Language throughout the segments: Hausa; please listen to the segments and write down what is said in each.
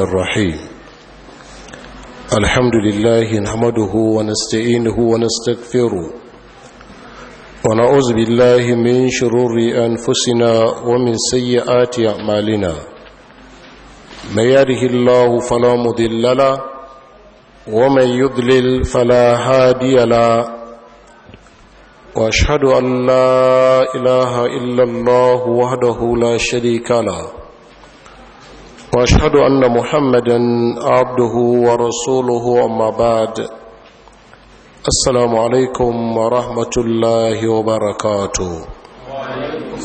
الرحيم الحمد لله نحمده ونستعينه ونستغفره ونعوذ بالله من شرور أنفسنا ومن سيئات أعمالنا من يره الله فلا مضل له ومن يضلل فلا هادي له واشهد ان لا اله الا الله وحده لا شريك له واشهد ان محمدا عبده ورسوله اما بعد السلام عليكم ورحمه الله وبركاته وعليكم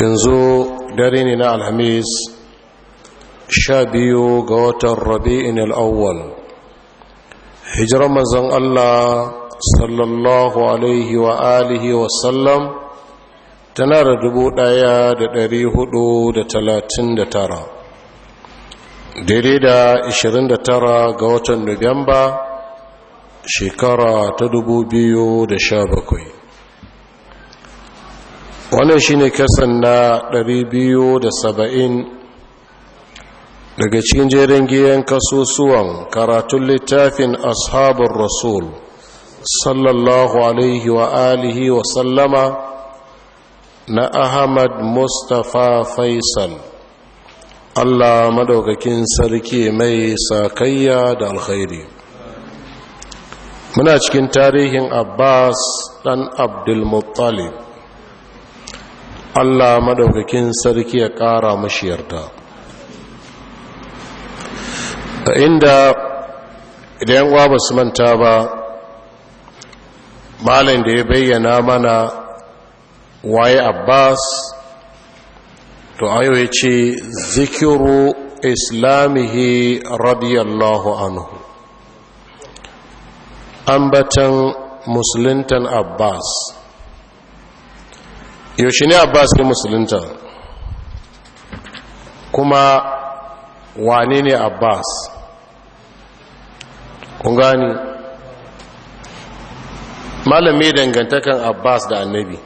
yanzu dare ne na alhamis sha biyu ga watan rabi'in al'awwal hijirar manzon allah sallallahu alaihi wa alihi wasallam tana da dubu ɗaya da ɗari hudu da talatin da tara daidai da ishirin da tara ga watan nuwamba shekara ta dubu biyu da sha bakwai wannan shi ne kasan na ɗari biyu da saba'in daga cikin jerin giyan kasusuwan karatun littafin ashabin rasul sallallahu alaihi wa alihi wa sallama na ahmad mustapha faisal allah madaukakin sarki mai sakayya da alkhairi muna cikin tarihin abbas dan abdulmuttalib allah madaukakin sarki ya kara mashiyarta a inda idan yan ba manta ba malin da ya bayyana mana waye abbas to ayo ya ce zikiru islamihi radiyallahu anhu ambatan musulintan abbas yaushe ne abbas ke musulinta kuma wane ne abbas kun gani malami dangantakan abbas da annabi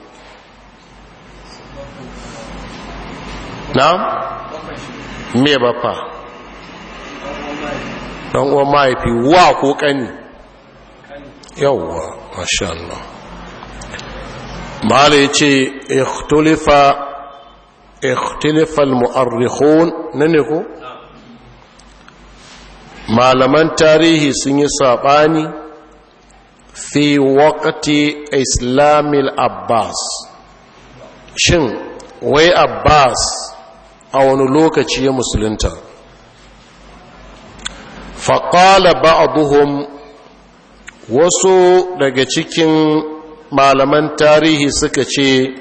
na me baffa ɗan uwan mahaifi wa ko ƙani yawwa masha Allah ya ce ikhtilafa muarrikhun na ko malaman tarihi sun yi saɓani fi waƙati islamil abbas shin wai abbas a wani lokaci ya musulunta faƙala buhun wasu daga cikin malaman tarihi suka ce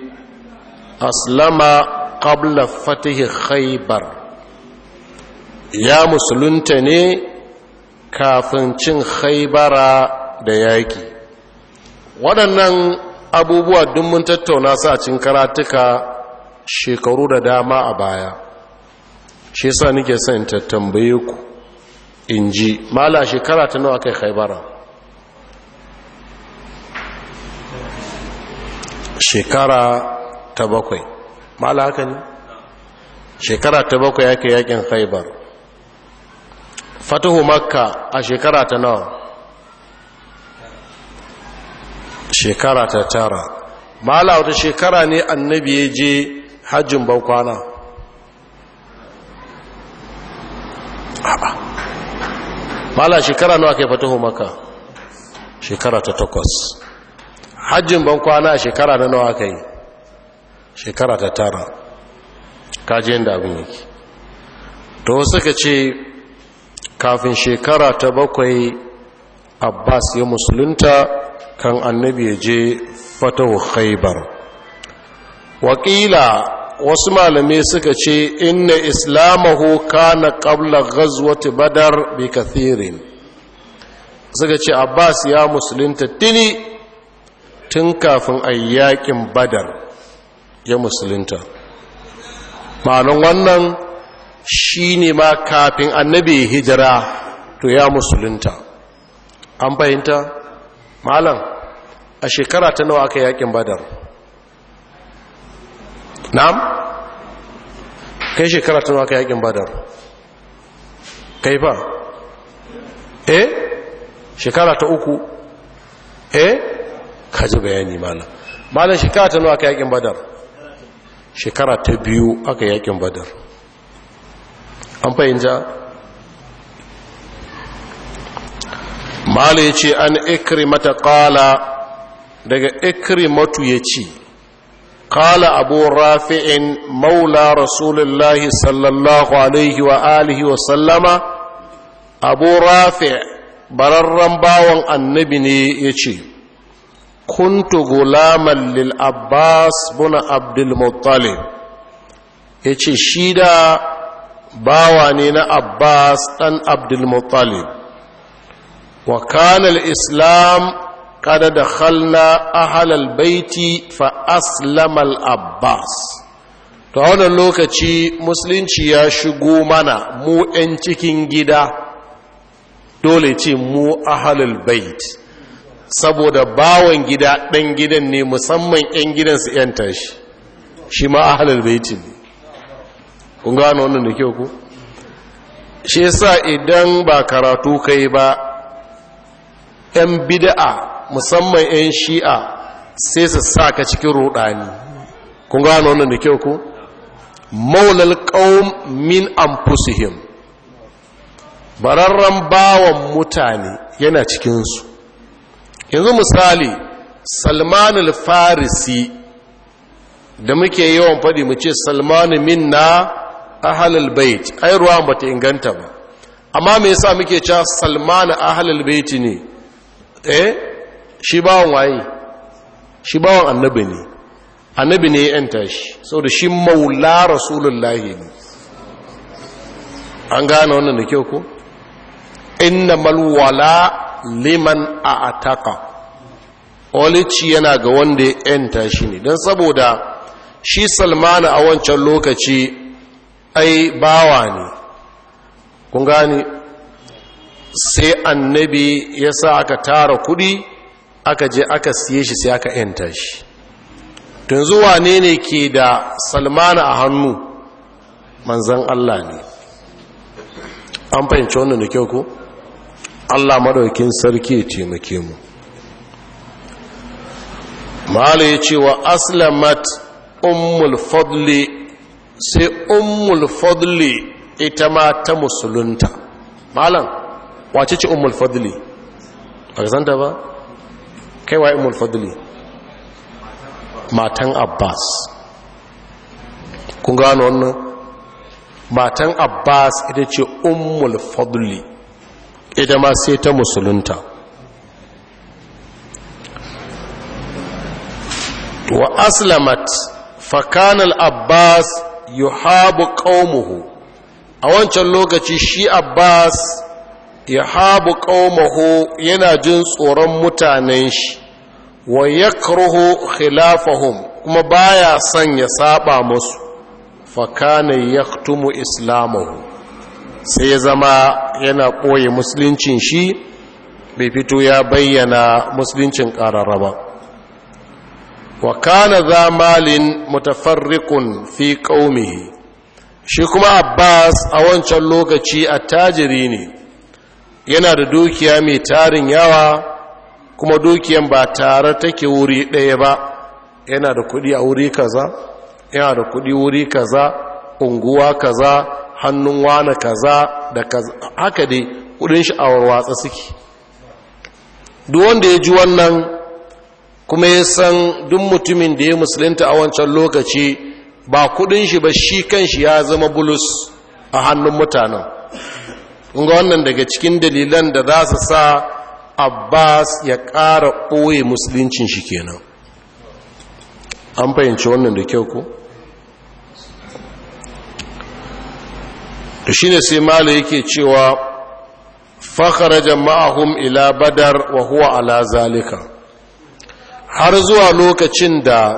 aslama ƙabla fatihi khaybar ya musulunta ne kafin cin haibara da yaƙi waɗannan abubuwa duk mun tattauna su a karatuka shekaru da dama a baya shi sa nike son ta tambaye ku in ji mala shekara ta nawa kai haibara shekara ta bakwai mala haka ne shekara ta bakwai yake yakin haibar fatahu makka a shekara ta nawa shekara ta tara mala wata shekara ne annabi ya je hajjin ban kwana mala shekara nawa kai fatahu maka shekara ta takwas hajjin ban kwana shekara na nawa yi? shekara ta tara ji yadda abin yake to suka ce kafin shekara ta bakwai abbas ya musulunta kan annabi ya je fatahu khaibar wakila wasu malamai suka ce inna islamahu kana qabla ghazwati badar bi kathirin suka ce abbas ya musulunta tuni tun kafin ayyakin badar ya musulunta malon wannan shine ma kafin annabi hijira to ya musulunta an fahimta malam a shekara ta nawa aka yakin badar na'am kai shekara tun waka yakin badar kai fa eh shekara ta uku eh ka ji bayani mana malam shekara ta nawa aka yakin badar shekara ta biyu aka yakin badar an fahimta malam ya ce an ikrimata kala daga matu ya ce قال أبو رافع مولى رسول الله صلى الله عليه وآله وسلم أبو رافع بررن باون النبي يشي كنت غلاما للعباس بن عبد المطلب يشي شيدا باوانين عباس أن عبد المطلب وكان الإسلام kada da halna ahalal baiti fa aslamal abbas to a wannan lokaci musulunci ya shigo mana mu 'yan cikin gida dole ce mu ahalal bait saboda bawan gida ɗan gidan ne musamman 'yan su 'yan tashi shi ma ahalal baiti ne kun gano wannan da kyau ku shi yasa idan ba karatu kai ba 'yan bida'a musamman 'yan shi'a sai su sa ka cikin rudani kun gano wannan da kyau ku maulal qaum min anfusihim bararren bawan mutane yana cikinsu yanzu misali salman farisi da muke yawan faɗi mu ce salman minna ahalal bait ai ruwa ba ta inganta ba amma me yasa muke cewa salman ahalal bait ne eh shi bawan waye shi bawan annabi ne annabi ne ya yanta shi saboda shi maula rasulullahi ne an gane wannan da kyau ko inna malwala liman a ataka olici yana ga wanda ya yanta shi ne don saboda shi salmana a wancan lokaci ai bawa ne kun gane sai annabi ya sa aka tara kudi aka je aka siye shi sai aka yanta shi tun zuwa ne ne ke da salmana a hannu manzan Allah ne an fahimci wannan da kyau ko Allah madaukin sarki ya taimake mu ma'ala ya ce wa aslamat ummul fadli sai ummul fadli ita ma ta musulunta malam wace ce ummul fadli a ba kai wa imul fadli matan abbas kun gano wannan matan abbas ita ce umul fadli ita ma sai ta musulunta wa aslamat fakanal abbas yuhabu qaumuhu a wancan lokaci shi abbas ya habu ƙaumaho yana jin tsoron mutanen shi wa ya khilafahum kuma baya son ya saba musu fakana ya tumu islamahu sai zama yana ɓoye musuluncin shi bai fito ya bayyana musuluncin ƙararraba. ba wa kana za malin mutafarrikun fi ƙaumihi shi kuma abbas a wancan lokaci a tajiri ne yana da dukiya mai tarin yawa kuma dukiyan ba tare take wuri ɗaya ba yana da kudi a wuri kaza yana da kudi wuri kaza unguwa kaza hannun wane kaza da kaza haka dai kudin sha'awar watsa suke duk wanda ya ji wannan kuma ya san duk mutumin da ya musulunta a wancan lokaci ba kudin shi ba shi kan shi ya zama bulus a hannun mutanen Kunga ga wannan daga cikin dalilan da za su sa abbas ya ƙara ɓoye musuluncin shi kenan an fahimci wannan da kyau ko shi ne sai mala yake cewa fakara jama'ahun ila badar wa huwa ala zalika har zuwa lokacin da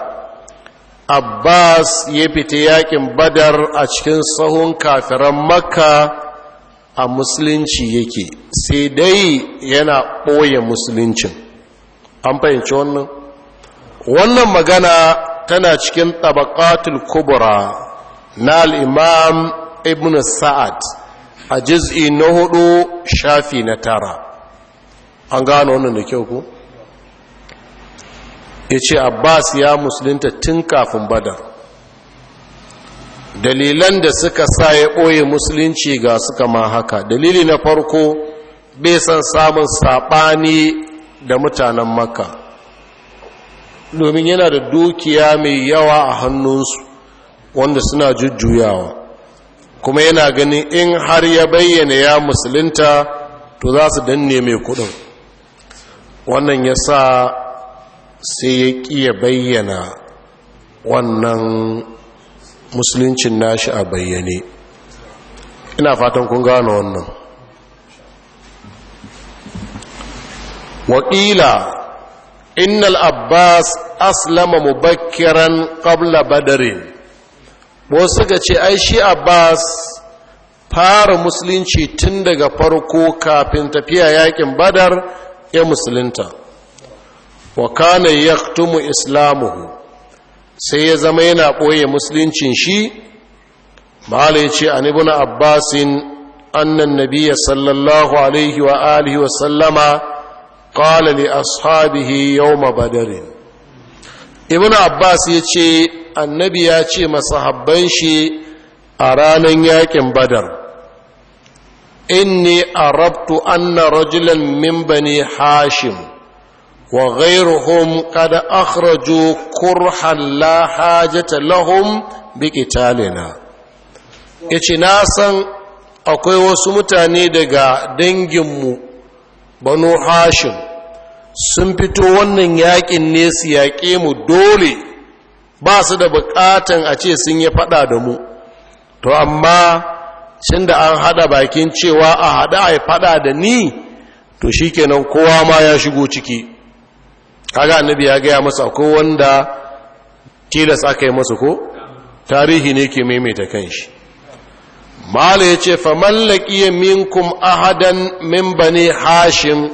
abbas ya fita yakin badar a cikin sahun kafiran makka a musulunci yake sai dai yana ɓoye musuluncin an fahimci wannan wannan magana tana cikin tabakatul kubra na al'imam ibn sa'ad a jiz'i na hudu shafi na tara an gano wannan da kyau ku ya ce abbas ya musulunta tun kafin badar dalilan da suka sa ya ɓoye musulunci ga suka ma haka dalili na farko bai san samun saɓani da mutanen makka domin yana da dukiya mai yawa a hannunsu wanda suna jujjuyawa kuma yana ganin in har ya bayyana ya musulunta to za su danne mai kudin wannan ya sa sai ya ƙi ya bayyana wannan musuluncin nashi a bayyane ina fatan kun gano wannan Wakila innal abbas aslama mubakkiran qabla badarin wasu suka ce ai shi abbas fara musulunci tun daga farko kafin tafiya yakin badar ya musulunta wa kana yaktumu islamuhu sai ya zama yana ɓoye musuluncin shi ma'ala ya ce an na abbasin annan nabiya sallallahu alaihi wa alihi wa sallama ƙala li ashabihi yawma badarin na abbas ya ce annabi ya ce masahabban shi a ranar yakin badar inni arabtu anna rajulan min bani hashim wa ghairuhum qad akhraju kurhan la hajata lahum bi qitalina yace na san akwai wasu mutane daga danginmu banu hashim sun fito wannan yakin ne su yaƙe mu dole ba su da buƙatan a ce sun yi faɗa da mu to amma shin da an hada bakin cewa a hada a faɗa da ni to shikenan kowa ma ya shigo ciki kaga annabi ya gaya masa ko wanda tilas aka yi masa ko tarihi ne ke maimaita kanshi mala ya ce fa famallaki minkum ahadan min bani hashim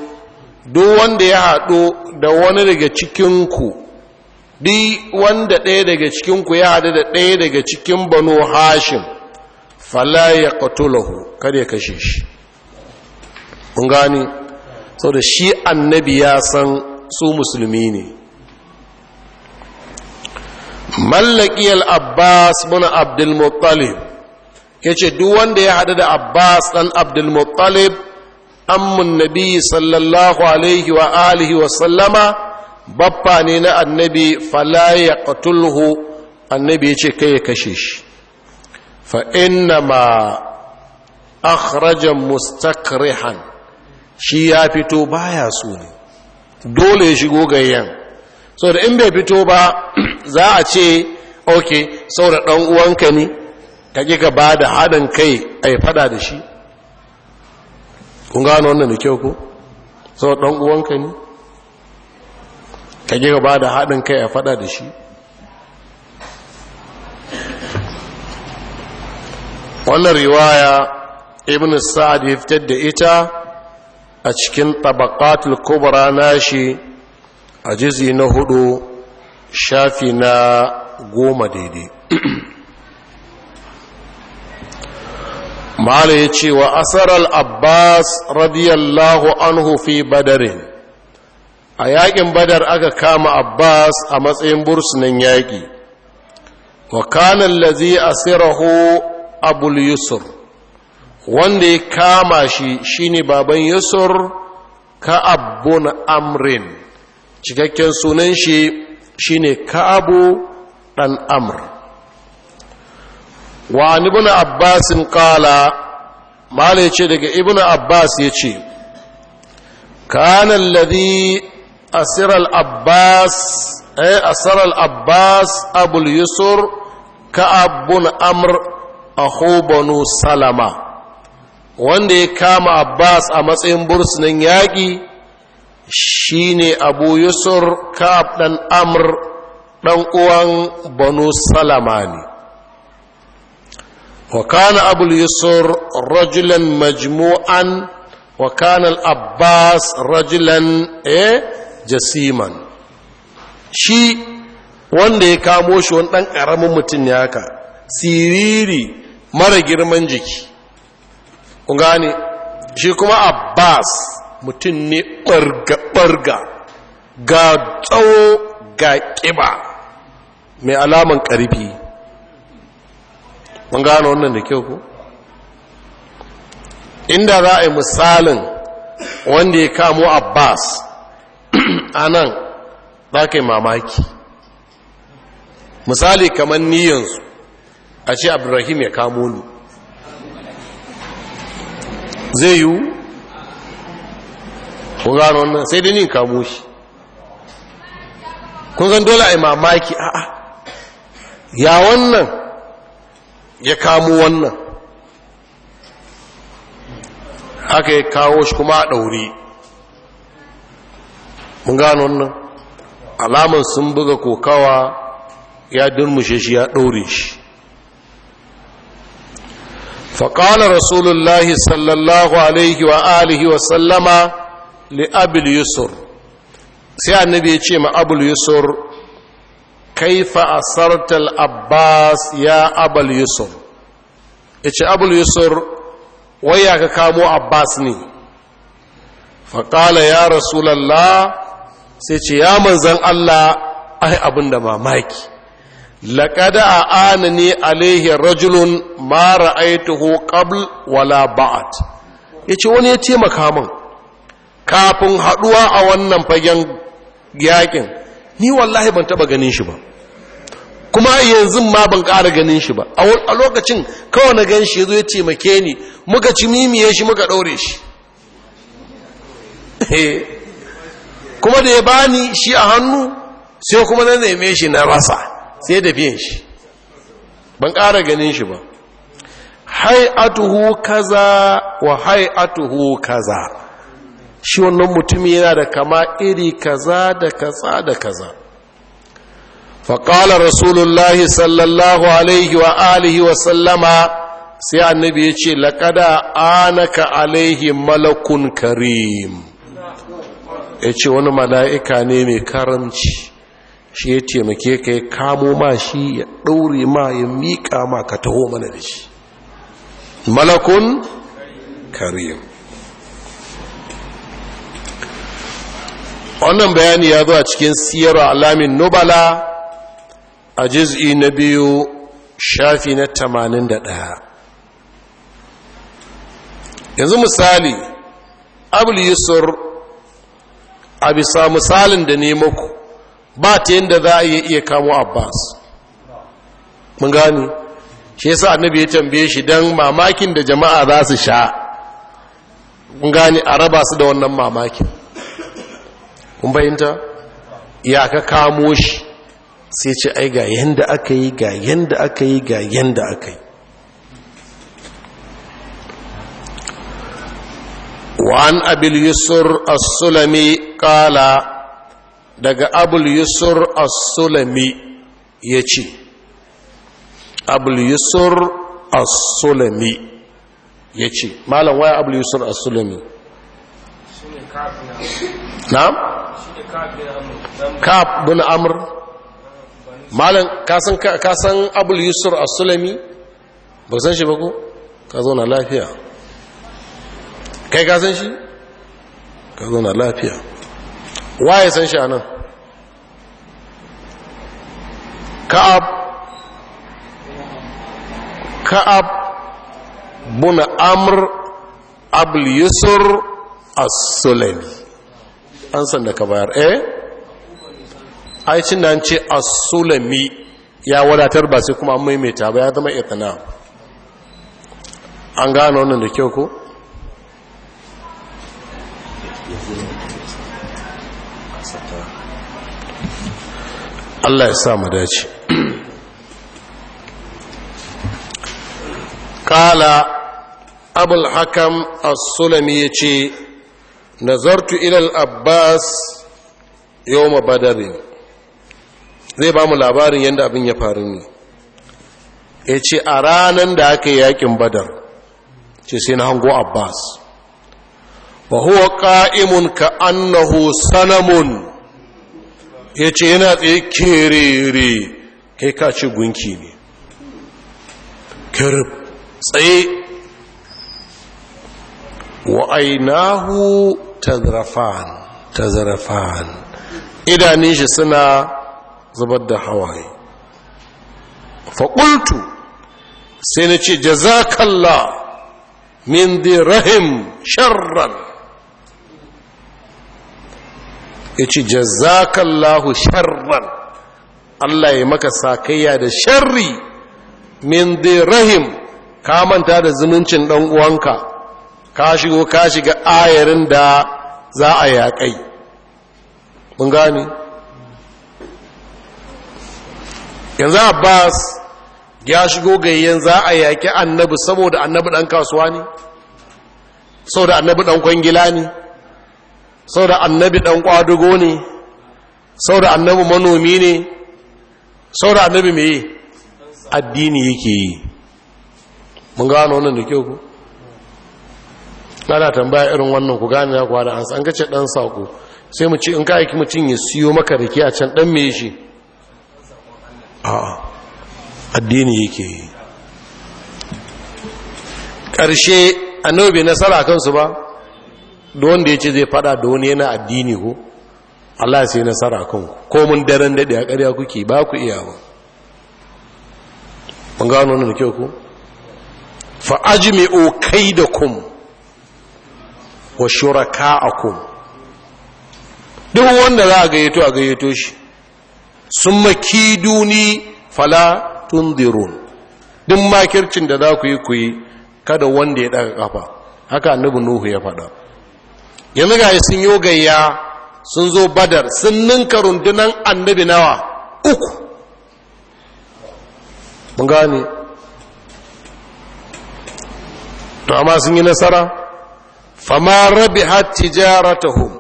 duk wanda ya haɗu da wani daga cikinku di wanda ɗaya daga cikinku ya haɗu da ɗaya daga cikin banu hashim fala ya ƙatulahu kada ya kashe shi kun sau da shi annabi ya san su musulmi ne mallaki al-abbas bin abdulmuttalib ke ce duk wanda ya haɗu da abbas ɗan abdulmuttalib ammun nabi sallallahu alaihi wa alihi wa sallama babba ne na annabi fala ya ƙatulhu annabi ya ce kai ya kashe shi fa inna ma akhrajan mustakrihan shi ya fito baya so ne dole ya shigo gayyan so da in bai fito ba za a ce ok saboda ɗan uwanka ne ka ƙi ka ba da haɗin kai a yi fada da shi kun gano wannan da kyau ko saboda ɗan uwanka ne ka ƙi ka ba da haɗin kai a fada da shi wannan riwaya ibn sa'ad ya fitar da ita a cikin tabaqatul kubra shi a jizi na hudu shafi na goma daidai ma'ala ya ce wa asarar abbas radiyallahu anhu fi badarin a yakin badar aka kama abbas a matsayin bursunan yaƙi wa kanan lazi asirahu abul yusuf wanda ya kama shi shi ne baban yasur ka'ab na amrin cikakken sunan shi shi shine ka'abu Ɗan'amr. amr wa ibn abbas qala mala ce daga ibn abbas yace kana alladhi asira asirar abbas ay eh, asara abbas abul yusur na amr a hobonu salama wanda ya kama abbas a matsayin bursunan yaƙi shine abu yusur ka'ab ɗan amr ɗan uwan banu salama ne wa kana abu yusur rajulan majmu'an wa kana abbas rajulan eh jasiman shi wanda ya kamo shi wani ɗan ƙaramin mutum ya ka, siriri mara girman jiki kun gane shi kuma abbas mutum ne ɓarga-ɓarga ga tsawo ga ƙiba mai alaman ƙarfi mun gane wannan da kyau ku inda za a yi misalin wanda ya kamo abbas a nan za ka yi mamaki misali kamar niyansu a ce abdurrahim ya kamo ni zai yiwu ku gano wannan sai dai ni kamo shi kun san dole a yi mamaki a'a ya wannan ya kamo wannan aka yi kawo shi kuma a ɗauri mun gano wannan Alamar sun buga kokawa ya durmushe shi ya ɗaure shi faƙalar rasulullahi sallallahu alaihi wa alihi wa sallama li abul yusur sai annabi ya ce ma abul yusur kaifa asartal abbas ya abul yusur ya ce abul yusur waya ka kamo abbas ne faƙala ya rasu rasulallah sai ce ya manzan allah ai abin da mamaki لقد a عليه رجل rajulun mara قبل ولا wala ba'at ya ce wani ya taimaka min kafin haɗuwa a wannan fagen yakin ni wallahi ban taba ganin shi ba kuma yanzu ma ban ƙara ganin shi ba a lokacin kawai na gan shi ya zo ya taimake ni muka ci mimiye shi muka ɗaure shi kuma da ya bani shi a hannu sai kuma na neme shi na rasa sai da biyan shi ban ƙara ganin shi ba hai'atuhu kaza wa hai'atuhu kaza shi wannan mutum yana da kama iri kaza da kaza da kaza faƙalar rasulullahi sallallahu alaihi wa alihi wa sallama sai annabi ya ce laƙada anaka alaihi malakun karim ya ce wani mala'ika ne mai karamci shi ya taimake ka yi kamo ma shi ya ɗaure ma ya miƙa ma ka taho mana da shi malakun karim wannan bayani ya zo a cikin siyar alamin nubala a jiz'i na biyu shafi na tamanin da ɗaya yanzu misali abul yusur a bisa misalin da ne maku. ba ta yadda za a iya kamo abbas mun gani shi yasa annabi ya tambaye shi don mamakin da jama'a za su sha mun gani a raba su da wannan mamakin kun bayinta ya ka kamo shi sai ce ai ga yanda aka yi ga yanda aka yi ga yanda aka yi وعن أبي اليسر السلمي قال daga abul yusur as-sulami ya ce abul yusur as-sulami ya ce malam waya abul yusur as-sulami na'am kaf bin amr malam kasan kasan abul yusur as-sulami ba san shi ba ko ka zo na lafiya kai kasan shi ka zo na lafiya waye san shi anan ka'ab ka'ab buna amr abul yusur as-sulami an san da ka bayar eh ai cin da an ce as-sulami ya wadatar ba sai kuma an maimaita ba ya zama itna an gane wannan da kyau ko Allah ya sa mu dace kala abul hakam as-sulami ce, nazartu zartu ilal abbas yawma zai ba mu labarin yadda abin ya faru ne ya ce a ranar da aka yi yakin badar ce sai na hango abbas wa huwa ka'imun ka annahu sanamun ya ce yana tsaye kerere kai ka ce gunki ne kirif tsaye wa ainihu tazarafan tazarafan idanun shi suna zubar da hawaye faƙultu sai na ce jazakalla min rahim sharran ya ce jazakallahu sharran Allah ya maka sakayya da sharri min rahim ka manta da zumuncin ɗan uwanka ka shigo ka shiga ayarin da za a yaƙai mun gani yanzu abbas ya shigo gayyen za a yaƙi annabi saboda annabi ɗan kasuwa ne saboda annabi ɗan kwangila ne sau da annabi ɗan ƙwadugo ne sau da annabi manomi ne sau da annabi mai addini yake yi mun gano wannan da kyau ku ana tambaya irin wannan ku gane na ansa, an san kace ɗan saƙo sai mu ci in ka aiki mutum ya siyo maka rike a can ɗan mai shi a addini yake yi ƙarshe annabi bai nasara kansu ba da wanda ya ce zai fada da wani yana addini ko Allah sai nasara kan ku. ko mun daren daɗe a ƙarya kuke ba ku iya ba ban gano wannan da kyau ku fa ajmi'u kaidakum wa shuraka'akum duk wanda za a gayyato a gayyato shi sun makiduni fala tundirun duk makircin da za ku yi ku yi kada wanda ya daga kafa haka annabi nuhu ya faɗa yanzu ga sun yi gayya sun zo badar sun ninka rundunan annabi nawa uku mun gane to amma sun yi nasara fama rabi tijaratahum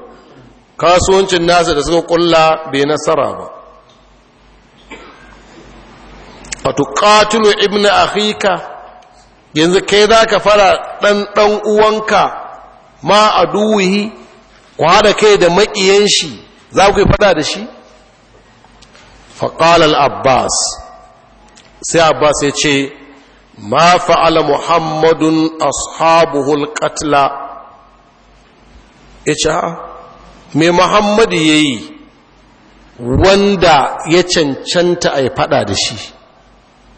kasuwancin nasa da suka kulla bai nasara ba wato tukatulu ibn akhika yanzu kai za ka fara ɗan ɗan uwanka ma a duwuhi ku haɗa kai da maƙiyan shi za ku yi fada da shi faƙalar abbas sai abbas ya ce ma fa'ala muhammadun ashabuhul katla ya ce mai muhammadu ya yi wanda ya cancanta a yi fada da shi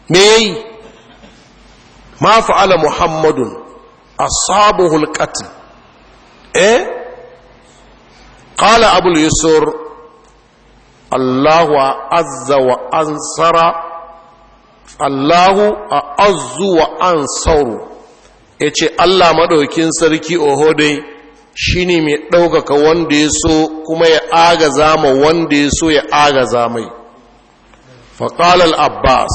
me ya yi ma fa'ala muhammadun ashabuhul katla eh qala abul yusur allahu azza wa ansara allahu a azzu wa ansaru ya ce allah maɗaukin sarki ohodai shi ne mai ɗaukaka wanda ya so kuma ya agaza ma wanda ya so ya agaza mai al abbas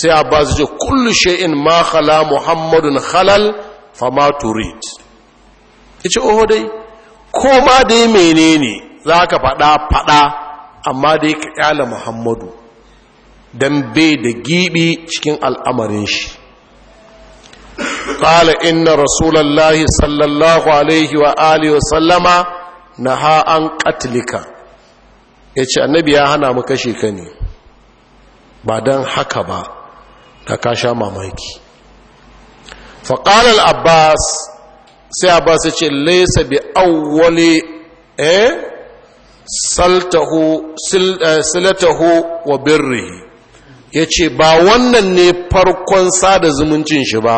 sai abbas ji kullu shay'in ma khala muhammadun halal fama turid ya ce oho dai ko ma dai menene za ka faɗa faɗa amma dai ka ƙyala muhammadu don bai da giɓi cikin al'amarin shi inna إن sallallahu alaihi wa alihi wa sallama na ha'an عن ya yace annabi ya hana mu kashe ka ne ba don haka ba da ka sha mamaki faƙalar abbas sai ba su ce laysa bi awwali eh saltahu eh, silatahu wa birrihi yace ba wannan ne farkon sada zumuncin shi ba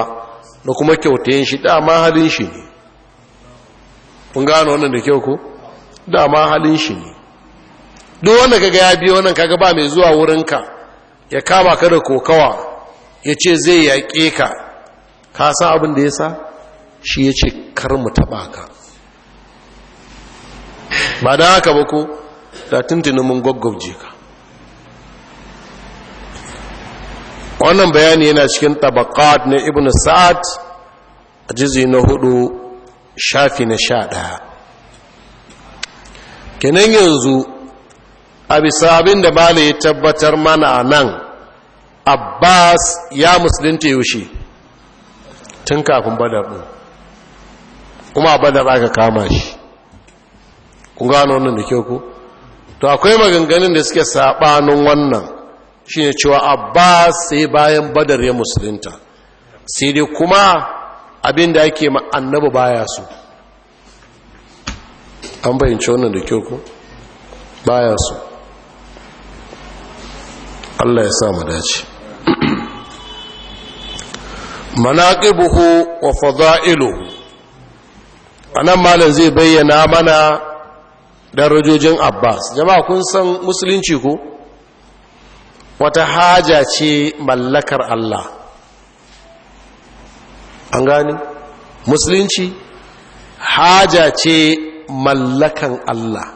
da kuma kyautayin shi da ma halin shi ne kun gano wannan da kyau ko Da ma halin shi ne duk wanda kaga ya biyo wannan kaga ba mai zuwa wurin ka. ya kama ka da kokawa yace zai yaƙe ka ka san abin da ya sa shi ya ce karmu mu taɓa ka ba da haka ba ko da tuntunin mun gwaggwaje ka wannan bayani yana cikin tabakat na ibn sa'ad a jizi na hudu shafi na sha ɗaya kenan yanzu a bisa abin da bala ya tabbatar mana a nan abbas ya musulunta yaushe tun kafin badar ɗin kuma a badar aka kama shi kun gano wannan da kyau ku to akwai maganganun da suke saɓanin wannan shi ne cewa ba sai bayan badar ya musulunta sai dai kuma abin da ake annabi baya su an bayyance wannan da kyau ku baya su Allah ya sa mu dace buhu wa anan malam zai bayyana mana darajojin abbas jama'a kun san musulunci ko wata haja ce mallakar allah an gani musulunci haja ce mallakan allah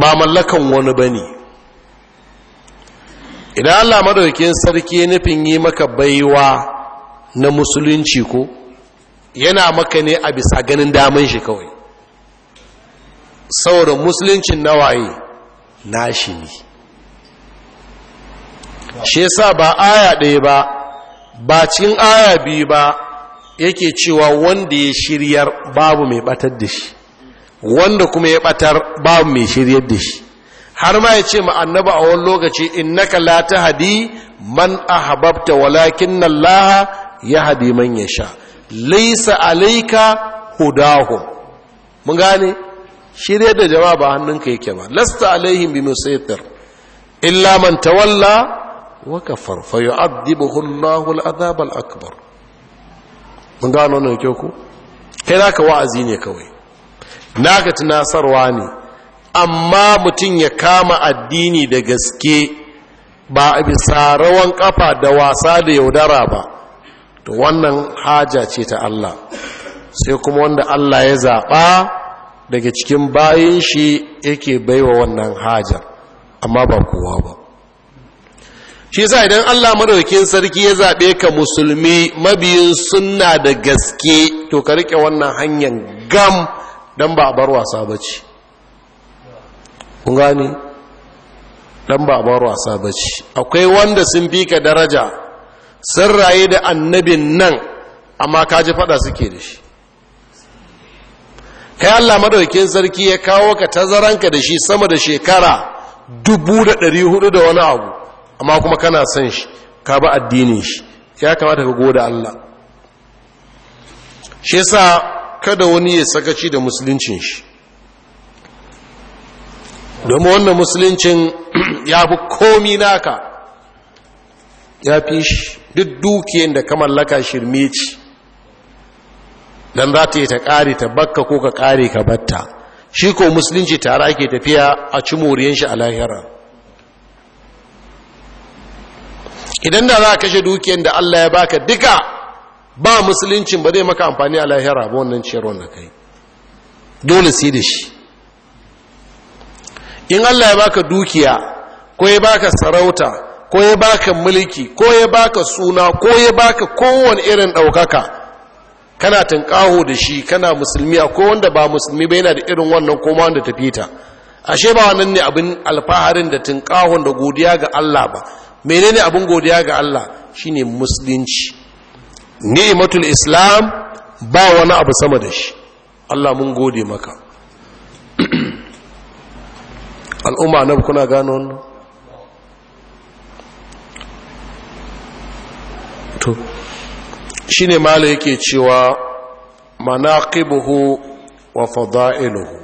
ba mallakan wani ba ne idan allah madaukin sarki nufin yi maka baiwa na musulunci ko yana maka ne a bisa ganin daman shi kawai saboda musuluncin nawaye nashi ne shi yasa ba aya ɗaya ba ba cikin aya biyu ba yake cewa wanda ya shiryar babu mai batar da shi wanda kuma ya batar babu mai shiryar da shi har ma ya ce ma annaba a wani lokaci in naka la hadi man a hababta walakin laha ya hadi man ya sha. laisa alaika hudahu. mun gane dai da jama'a ba hannunka yake ba lasta alaihim bi musaytir illa man tawalla wa kafar fa yu'adhibuhu Allahu al-adhab al-akbar mun gano wannan kyau ku kai naka wa'azi ne kawai naka tunasarwa ne amma mutum ya kama addini da gaske ba a bisa rawan kafa da wasa da yaudara ba to wannan haja ce ta Allah sai kuma wanda Allah ya zaɓa daga cikin bayan shi yake baiwa wannan hajar amma ba kowa ba shi sa idan Allah madaukin sarki ya zaɓe ka musulmi mabiyin sunna da gaske to ka riƙe wannan hanyar gam don ba a bar wasa ba ce kun gani don ba a bar wasa ba ce akwai wanda sun fi ka daraja sun raye da annabin nan amma ka ji fada suke da shi kai Allah madaukin sarki ya kawo ka tazaranka da shi sama da shekara dubu da ɗari hudu da wani abu amma kuma kana son shi ka ba addinin shi ya kamata ka goda Allah shi sa kada wani ya sakaci da musuluncin shi domin wannan musuluncin ya fi komi naka ya fi duk dukiyar da ka mallaka shirme ci don za ta yi ta ƙari ta bakka ko ka ƙari ka batta shi ko musulunci tare ake tafiya a ci moriyan shi a lahira idan da za a kashe dukiyar da allah ya baka duka ba musuluncin ba zai maka amfani a lahira ba wannan ciyarwar da kai dole sai da shi in allah ya baka dukiya ko ya baka sarauta ko ya baka mulki ko ya baka suna ko ya baka kowane irin ɗaukaka kana tunƙaho da shi kana musulmi a wanda ba musulmi ba yana da irin wannan koma wanda ta fita ashe ba wannan ne abin alfaharin da tunƙahon da godiya ga Allah ba menene abin godiya ga Allah shine musulunci ni'matul islam ba wani abu sama da shi Allah mun gode maka al'umma na kuna gano wannan to shine mala yake cewa manaqibuhu wa fada'iluhu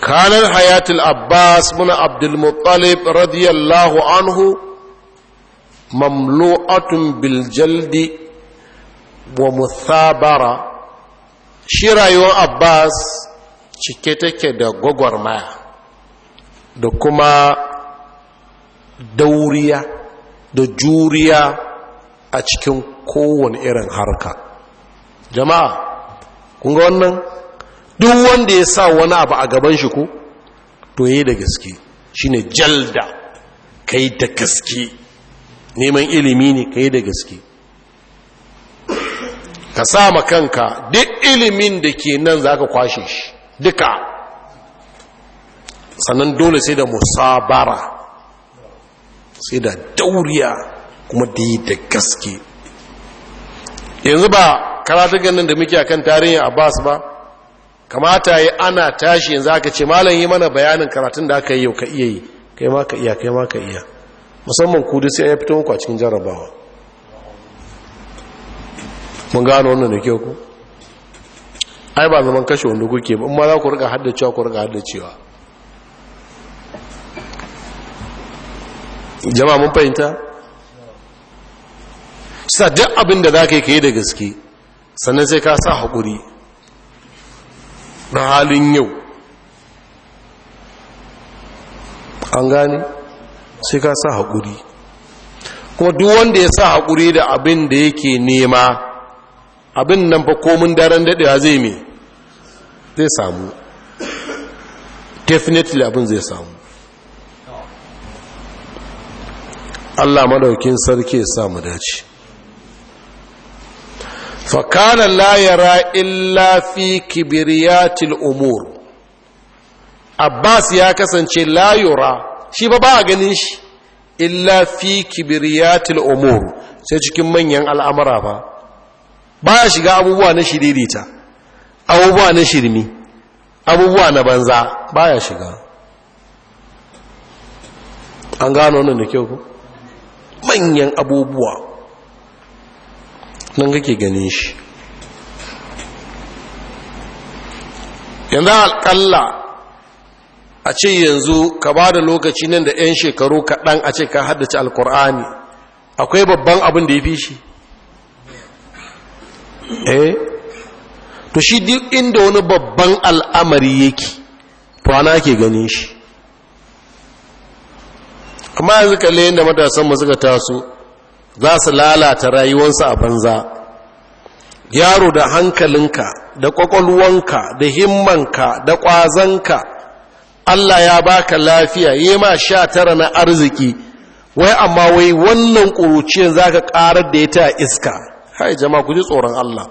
kanar hayatul abbas bin abdulmuttalib radiyallahu anhu mamlu'atun bil jaldi wa muthabara shi rayuwar abbas cike take da gwagwarmaya da kuma dauriya da juriya a cikin kowane irin harka jama'a kun ga wannan duk wanda ya sa wani abu a gaban shi ko to yi da gaske shine jalda kai da gaske neman ilimi ne kai da gaske ka sa ma kanka duk ilimin da ke nan za ka kwashe shi duka sannan dole sai da musabara sai da dauriya kuma da yi da gaske yanzu ba karatun ganin da muke akan tarihin abbas ba kamata yi ana tashi yanzu aka ce malam yi mana bayanin karatun da aka yi yau ka iya yi kai ma ka iya kai ma ka iya musamman kudu sai ya fito muku a cikin jarabawa. mun gano wannan da kyau ku ai ba zaman kashe wanda kuke ba in ma za ku riga haddacewa ku riga haddacewa jama mun fahimta sa duk abin da za ka yi ka yi da gaske sannan sai ka sa haƙuri na halin yau an gane sai ka sa haƙuri kuma duk wanda ya sa haƙuri da abin da yake nema abin nan fa komin daren daɗewa zai me zai samu definitely abin zai samu Allah madaukin sarki ya sa mu dace fakana la yara illa fi kibriyatil umur Abbas ya kasance la yura shi ba ba ganin shi illa fi kibriyatil umur sai cikin manyan al'amara ba ya shiga abubuwa na shiririta abubuwa na shirmi abubuwa na banza ba ya shiga an gano nan da kyau ku manyan abubuwa nan kake ganin shi yanzu alƙalla a ce yanzu ka ba da lokaci nan da 'yan shekaru kaɗan a ce ka haddace alkur'ani akwai babban abin da ya fi shi eh to shi duk inda wani babban al'amari yake to ana ke ganin shi amma yanzu kalle yadda matasanmu suka taso za su lalata rayuwarsu a banza yaro da hankalinka da kwakwalwanka da himmanka da kwazanka allah ya baka lafiya yi ma sha tara na arziki wai amma wai wannan ƙuruciyar za ka ƙarar da ya ta iska hai jama ku ji tsoron allah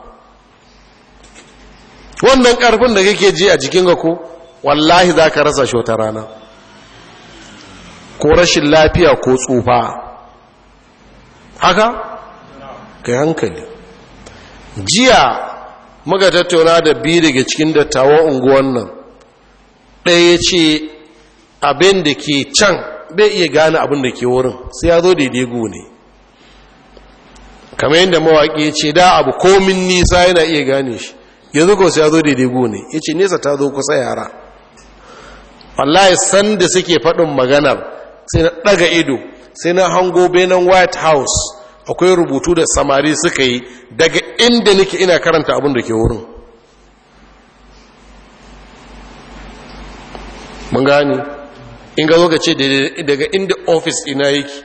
wannan ƙarfin da kake ji a jikin ku, wallahi za ka rasa shi wata rana ko rashin lafiya ko tsufa haka ga hankali jiya muka tattauna da biyu daga cikin dattawan unguwan nan ɗaya ce abin da ke can bai iya gane abin da ke wurin sai ya zo daidai ne kamar yadda mawaƙi ce da abu komin nisa yana iya gane shi yanzu ko sai ya zo daidai ne ya ce nesa ta zo kusa yara wallahi sanda suke faɗin maganar sai na ɗaga ido sai na hango benin white house akwai rubutu da samari suka yi daga inda nake ina karanta abin da ke wurin mun gani in ga zo daga inda ofis ina yake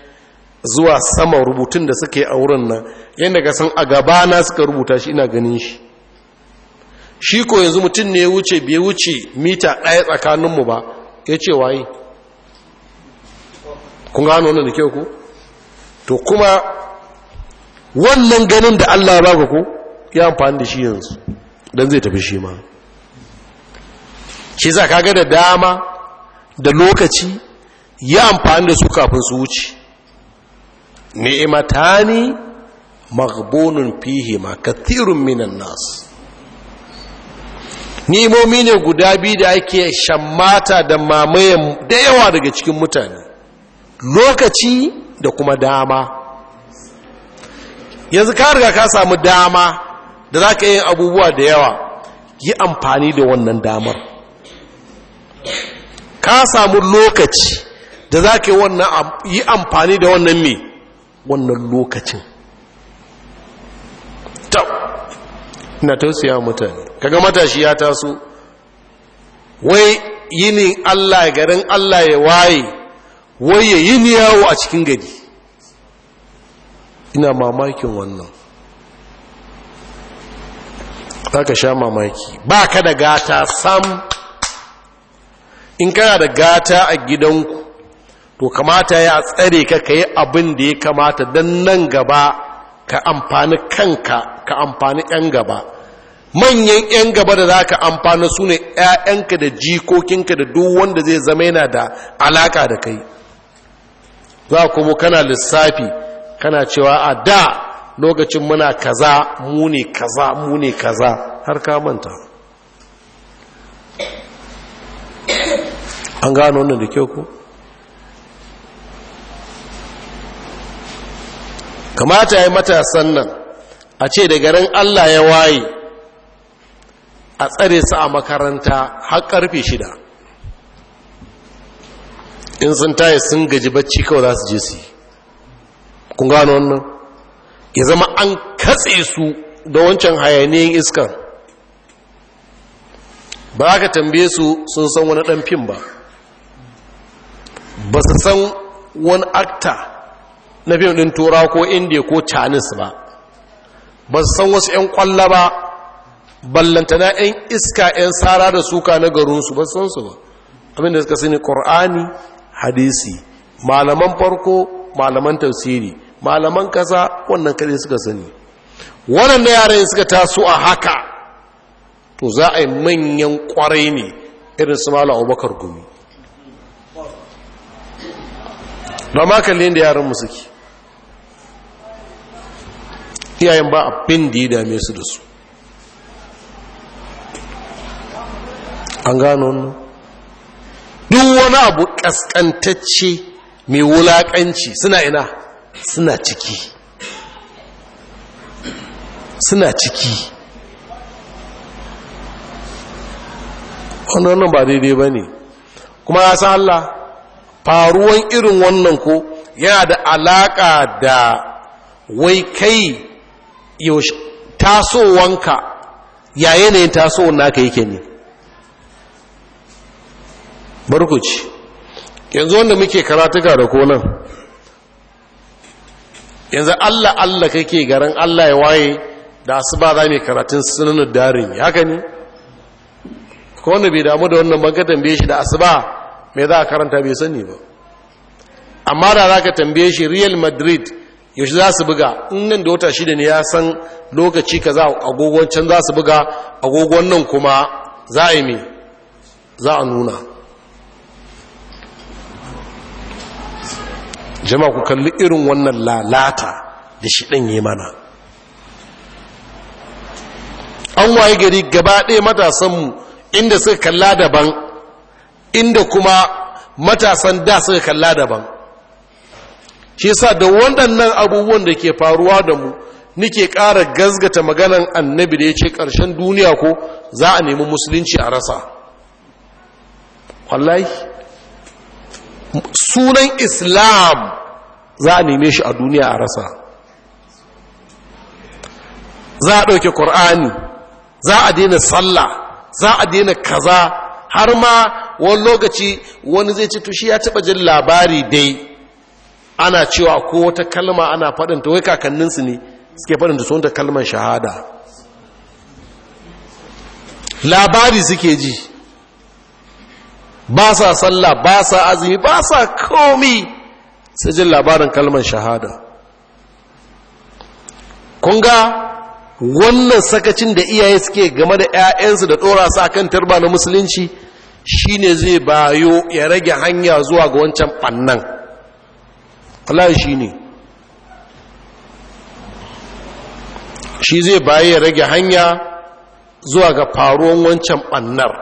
zuwa sama rubutun da suka yi a wurin nan yadda ka san a na suka rubuta shi ina ganin shi shi ko yanzu mutum ne ya wuce bai wuce mita ɗaya tsakaninmu ba ya ce waye kun gano wannan da kyau ku to kuma wannan ganin da Allah ya baka ku ya amfani da shi yanzu dan zai tafi shi ma shi za ka ga da dama da lokaci ya amfani da su kafin su wuce ni'matani maghbunun fihi ma kathirun minan nas nimomi ne guda biyu da ake shammata da mamayen da yawa daga cikin mutane lokaci da kuma dama yanzu ka riga ka samu dama da za ka yi abubuwa da yawa yi amfani da wannan damar ka samu lokaci da za ka yi amfani da wannan mai wannan lokacin na tausaya mutane kaga matashi ya taso wai yinin allah garin allah ya waye wai ya yi yawo a cikin gari ina mamakin wannan za ka sha mamaki ba ka da gata sam in kana da gata a gidanku to kamata ya tsare ka ka yi abin da ya kamata don nan gaba ka amfani kanka ka amfani 'yan gaba manyan 'yan gaba da za ka amfani su ne 'ya'yanka da jikokinka da duk wanda zai zama yana da alaka da kai za kuma kana lissafi kana cewa a da lokacin muna kaza mu ne kaza mu kaza har ka manta an gano wannan da kyau ko kamata ya yi matasan nan a ce da garin allah ya waye a tsare su a makaranta har karfe shida in sun taye sun gaji bacci kawai za su je su yi kun gano wannan ya zama an katse su da wancan hayaniyin iskan ba ka tambaye su sun san wani dan fim ba ba su san wani akta na fim din tura ko indiya ko canis ba ba su san wasu 'yan kwalla ba ballantana 'yan iska 'yan tsara da suka na garinsu ba su san su ba abinda suka sani ƙor'ani hadisi malaman farko malaman tafsiri malaman kasa wannan kadai suka sani waɗanda yaran suka taso a haka to za a yi manyan kwarai ne irin su malam abubakar gumi ba ma kalli da yaran mu suke iyayen ba abin da ya dame su da su an gano wannan duk wani abu ƙasƙantacce mai wulaƙanci suna ina suna ciki suna ciki wannan ba daidai ba ne kuma ya sa Allah faruwan irin wannan ko yana da alaƙa da wai kai yaushe tasowanka ya yanayin tasowar naka yake ne barkuci yanzu wanda muke karatuka da konan yanzu allah allah kake garin allah ya waye da asuba za mai karatun sunanin darin haka ne ko wanda bai damu da wannan banka tambaye shi da asuba mai za a karanta bai sani ba amma da za ka tambaye shi real madrid yaushe za su buga in nan da wata shida ne ya san lokaci ka za agogon can za su buga agogon nan kuma za a yi mai za a nuna jama ku kalli irin wannan lalata da shi ɗin yi mana an waye gari gaba ɗaya matasanmu inda suka kalla daban inda kuma matasan da suka kalla daban shi sa da waɗannan abubuwan da ke faruwa da mu nike ƙara gazgata maganan annabi da ya ce ƙarshen duniya ko za a nemi musulunci a rasa wallahi sunan islam za a neme shi a duniya a rasa za a ɗauke Kur'ani, za a daina sallah za a daina kaza har ma wani lokaci wani zai ce to shi ya taɓa jin labari dai ana cewa ko wata kalma ana faɗinta wai kakanninsu ne suke faɗinta sun ta kalmar shahada labari suke ji ba sa sallah ba sa azumi ba sa komi sai jin labarin kalmar shahada kun ga wannan sakacin da iyaye suke game da 'ya'yansu da ɗora su akan tarba na musulunci shine zai bayo ya rage hanya zuwa ga wancan ɓannan Allah shi ne shi zai bayo ya rage hanya zuwa ga faruwan wancan ɓannan?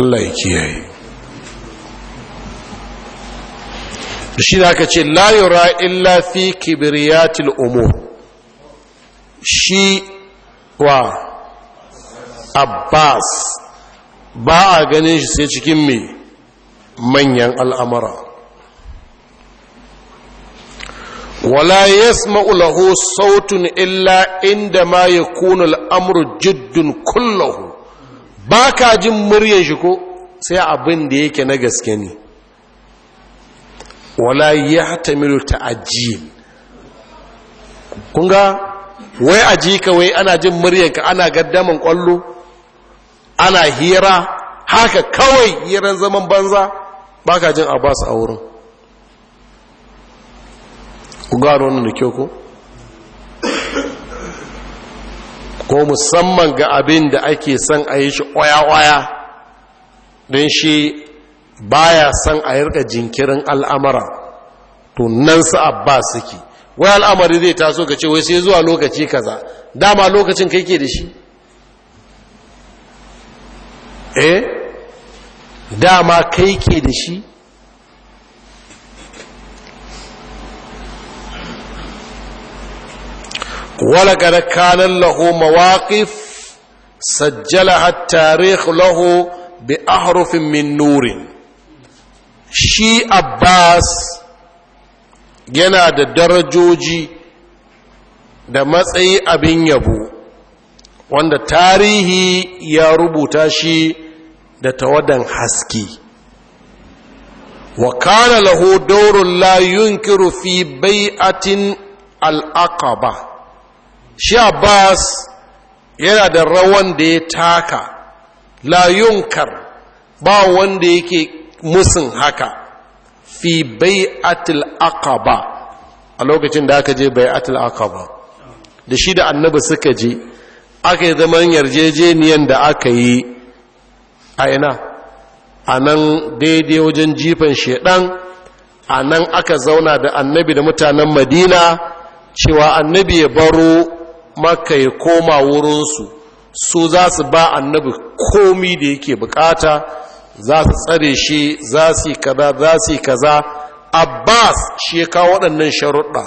Allah ya kiyaye shi da aka ce layura illa fi kibriyatil umur shi wa abbas ba a ganin shi sai cikin mai manyan al'amara wala yasma'u lahu sautun illa inda ma ya yakunu al’amuru jiddun kullahu ba ka jin muryan shi ko sai abin da yake na gaske ne wala yahtamilu ta kun Kunga wai aji ka wai ana jin muryanka ana gaddaman kwallo ana hira haka kawai hiran zaman banza baka jin abasu a wurin Kunga gano wannan da kyau ko ko musamman ga abin da ake son a yi shi ƙwaya-ƙwaya don shi baya san a yarka jinkirin al'amara to nan su abba suke wai al'amari zai taso ka ce sai zuwa lokaci kaza dama lokacin kai ke da shi eh dama kai ke da shi Wala ولقد كان sajjala مواقف سجلها التاريخ bi بأحرف min nurin. shi abbas yana da darajoji da matsayi abin yabo wanda tarihi ya rubuta shi da tawadan haske wa kana lahu daurun la yunkiru fi bai'atin al'aqaba shi abbas yana da rawan da ya taka la yunkar ba wanda yake musun haka fi bai aka ba a lokacin da aka je bai aka ba da shi da annabi suka je aka yi zaman yarjejeniyan da aka yi a ina a nan daidai wajen jifan shedan a nan aka zauna da annabi da mutanen madina cewa annabi ya baro maka ya koma wurinsu su za su ba annabi komi da yake bukata za su tsare shi za su yi kaza za su yi kaza abbas shi ya kawo waɗannan sharuɗa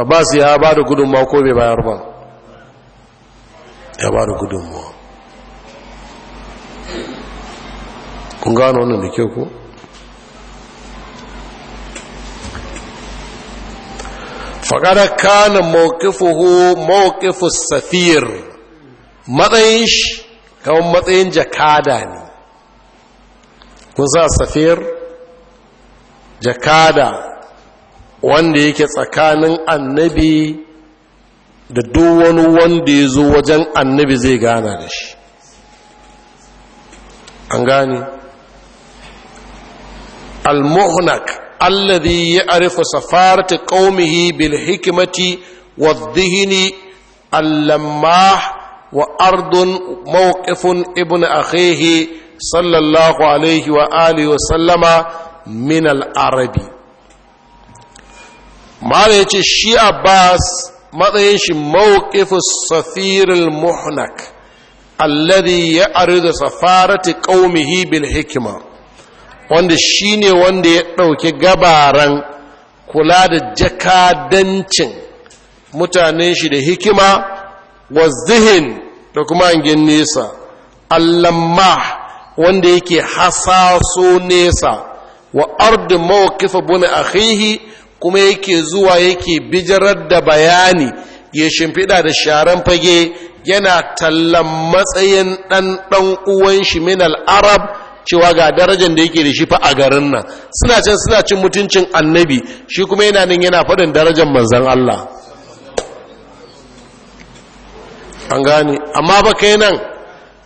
abbas ya ba da gudunmawa ko bai bayar ba ya ba da gudunmawa kun gano wannan da ke ku? faƙaɗa kanin mawukifuhu mawukifus safir matsayin shi kawon matsayin jakada ne kun sa safir jakada wanda yake tsakanin annabi da duk wanda ya zo wajen annabi zai gana da shi an gane al-muhnak alladhi ya'rifu safarata qaumihi bil hikmati wadh-dhihni al-lammah wa ardun mawqifun ibn akhihi sallallahu alaihi wa wa sallama min al-arabi yace shi abbas matsayin shi mawqifu safir al-muhnak alladhi ya'ridu safarati qaumihi bil hikima, wanda shine wanda ya ɗauki gabaran kula da jakadancin mutanen shi da hikima wa da kuma hangen nesa allamma wanda yake hasaso nesa wa ardi mawqifa bune akhihi kuma yake zuwa yake bijirar da bayani ya shimfiɗa da sharan fage yana tallan matsayin ɗanɗan ɗan uwan shi min arab cewa ga darajar da yake da shi fa a garin nan suna can suna cin mutuncin annabi shi kuma yana nan yana faɗin darajar manzon Allah an gane amma ba kai nan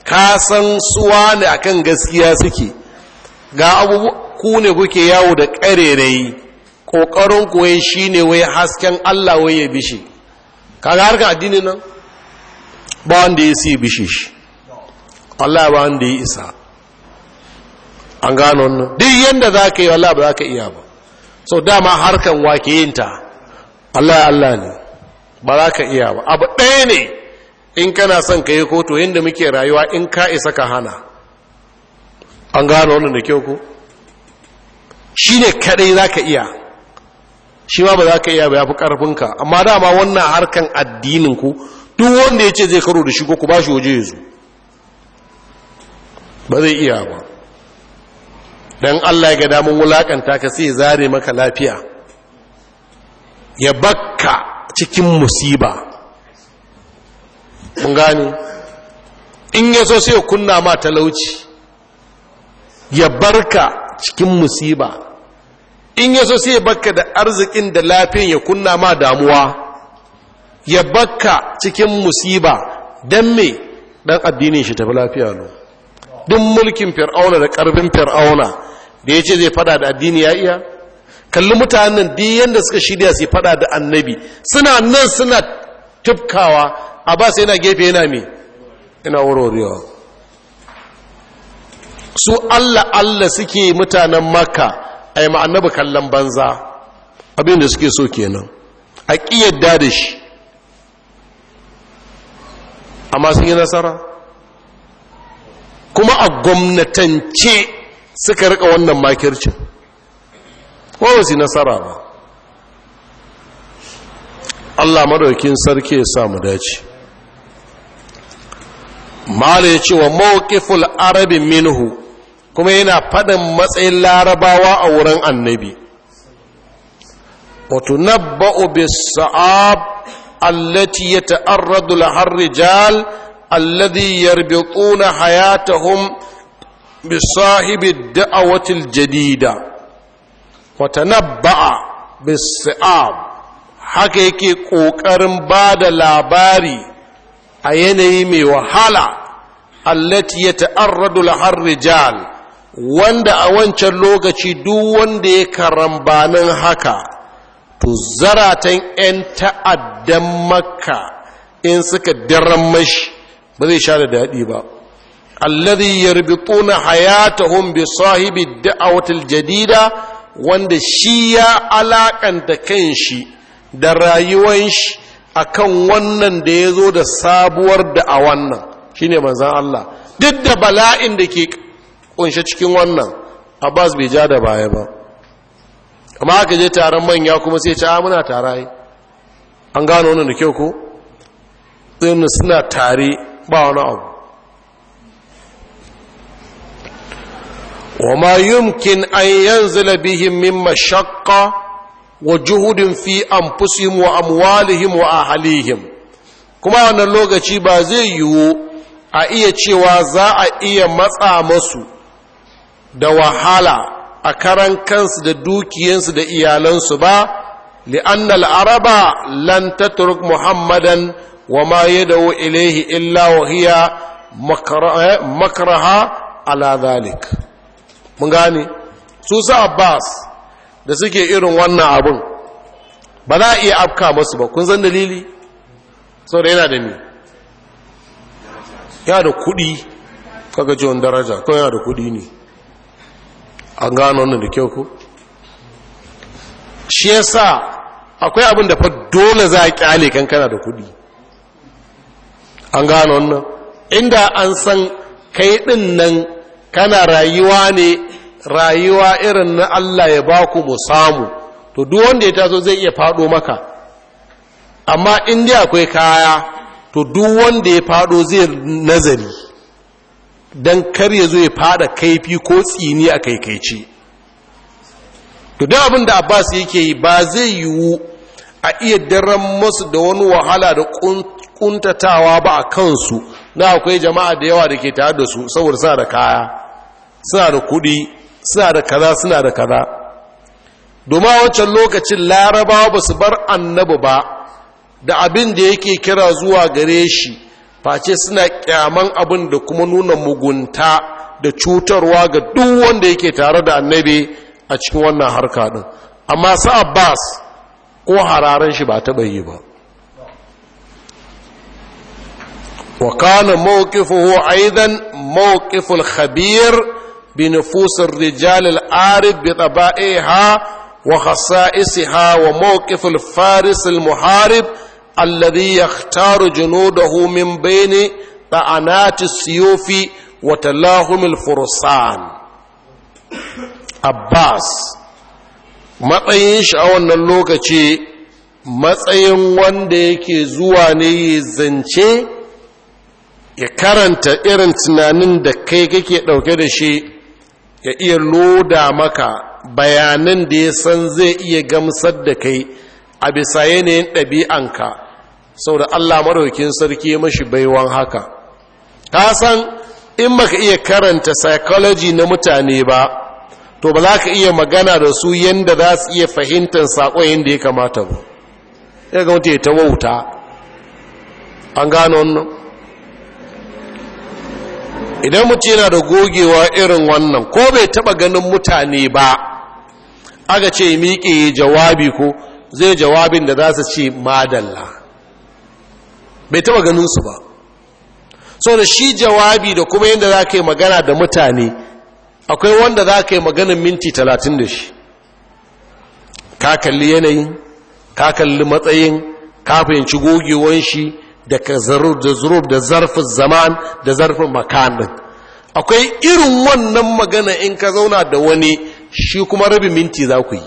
ka san suwa ne akan gaskiya suke ga abubuwa ku ne kuke yawo da ƙarerayi ƙoƙarin kuwa shi ne wai hasken allah wai ya bishi kaga harkar addini nan ba wanda ya si bishi shi allah ba wanda ya isa an gano wannan duk yadda za ka yi allah ba za ka iya ba so dama harkan wake yinta allah allah ne ba za ka iya ba abu ɗaya ne in kana son ka yi koto yadda muke rayuwa in ka isa ka hana an gano wannan da kyau ku shi ne kadai za ka iya shi ma ba za ka iya ba ya fi ƙarfinka amma dama wannan harkan addinin ku duk wanda ya ce zai karo da shi ko ku ba shi waje ya ba zai iya ba don allah ya ga damun wulaƙanta ka sai zare maka lafiya ya bakka cikin musiba mun gane in ya so sai kunna ma talauci ya barka cikin musiba in ya so sai ya barka da arzikin da lafiyan ya kunna ma damuwa ya barka cikin musiba don me dan addinin shi tafi lafiya lo duk mulkin fir'auna da karfin fir'auna da ya ce zai fada da addini ya iya kalli mutanen duk yadda suka shirya su fada da annabi suna nan suna tufkawa A ba sai na gefe yana mi Ina wurorewa su allah allah suke mutanen maka a yi ma'annaba kallon banza abin suke so kenan a ƙiyar da shi amma sun yi nasara kuma a gwamnatance suka rika wannan makircin kowa su nasara ba Allah madaukin sarki ya samu dace mala ya ce wa mawqiful arabi minhu kuma yana faɗin matsayin larabawa a wurin annabi wato nabba'u bis sa'ab allati yata'arradu lahar rijal alladhi yarbituna hayatahum bi sahibi da'awati jadida wa tanabba'a bis sa'ab haka yake kokarin bada labari a yanayi mai wahala allati ya ta'arradu lahar rijal wanda a wancan lokaci duk wanda ya karambanin haka to zaratan 'yan ta'addan makka in suka daren mashi ba zai sha da daɗi ba alladhi yarbituna hayatahum bi sahibi da'awatil jadida wanda shi ya alakanta kanshi da rayuwan shi akan wannan da ya zo da sabuwar da a wannan shine manzan Allah duk da bala'in da ke kunshe cikin wannan abbas bai ja da baya ba amma aka je taron manya kuma sai ce muna yi an gano wannan da kyau ko tsinu suna tare ba wani abu wa ma yumkin an yanzu labihin min mashakka. wa juhudin fi anfusihim wa amwalihim wa ahalihim, kuma wannan lokaci ba zai yiwu a iya cewa za a iya matsa masu da wahala a karan kansu da dukiyansu da iyalansu ba li'anna al'araba lan tatruk muhammadan wa ma yadawu ilaihi illa wa hiya eh, makraha ala dhalik mun gane su abbas da suke irin wannan abin ba za a iya afka masu ba kun zan dalili sau da yana da ni ya da kudi kaga jiwon daraja ko ya da kudi ne an gano wannan da kyau ku shi ya sa akwai abin da fa dole za a kyale kankana da kudi an gano wannan inda an san kai din nan kana rayuwa ne rayuwa irin na Allah ya baku musamu, musamu to duk wanda ya taso zai iya faɗo maka amma in dai akwai kaya to duk wanda ya fado zai nazari dan kar ya zo ya faɗa kaifi ko tsini a kaikaici to duk abin da Abbas yake yi ba zai yiwu a iya daren masu da wani wahala da kuntatawa ba a kansu na akwai jama'a da yawa da ke tare da su saboda suna da kaya suna da kuɗi suna da kaza suna da kaza domin wancan lokacin larabawa ba su bar annabi ba da abin da yake kira zuwa gare shi face suna kyaman abin da kuma nuna mugunta da cutarwa ga duk wanda yake tare da annabi a cikin wannan harka din amma su abbas ko hararan shi ba taɓa yi ba wa kana mawqifuhu aidan mawqiful khabir bi nufusir rijal al-arif bi taba'iha wa khasa'isiha wa mawqif al-faris al-muharib alladhi yakhtaru junudahu min bayni ta'anat as-suyufi wa talahum al-fursan Abbas matsayin shi a lokaci matsayin wanda yake zuwa ne ya zance ya karanta irin tunanin da kai kake ɗauke da shi ya iya loda maka bayanan da ya san zai iya gamsar da kai a bisa yanayin ɗabi'anka saboda allah maraukin sarki ya mashi baiwan haka ka san in baka iya karanta psychology na mutane ba to ba za ka iya magana da su yadda za su iya fahimtar saƙon yadda ya kamata ba ya ga ya ta wauta an gano wannan idan mutum yana da gogewa irin wannan ko bai taba ganin mutane ba aka ce miƙe jawabi ko zai jawabin da za su ce madalla bai taba ganin su ba so da shi jawabi da kuma yadda za ka yi magana da mutane akwai wanda za ka yi maganin minti talatin da shi ka kalli yanayin ka kalli matsayin ka fahimci gogewan shi da kazarur da zurub da zarfin zaman da zarfin makanin akwai irin wannan magana in ka zauna da wani shi kuma rabin minti za ku yi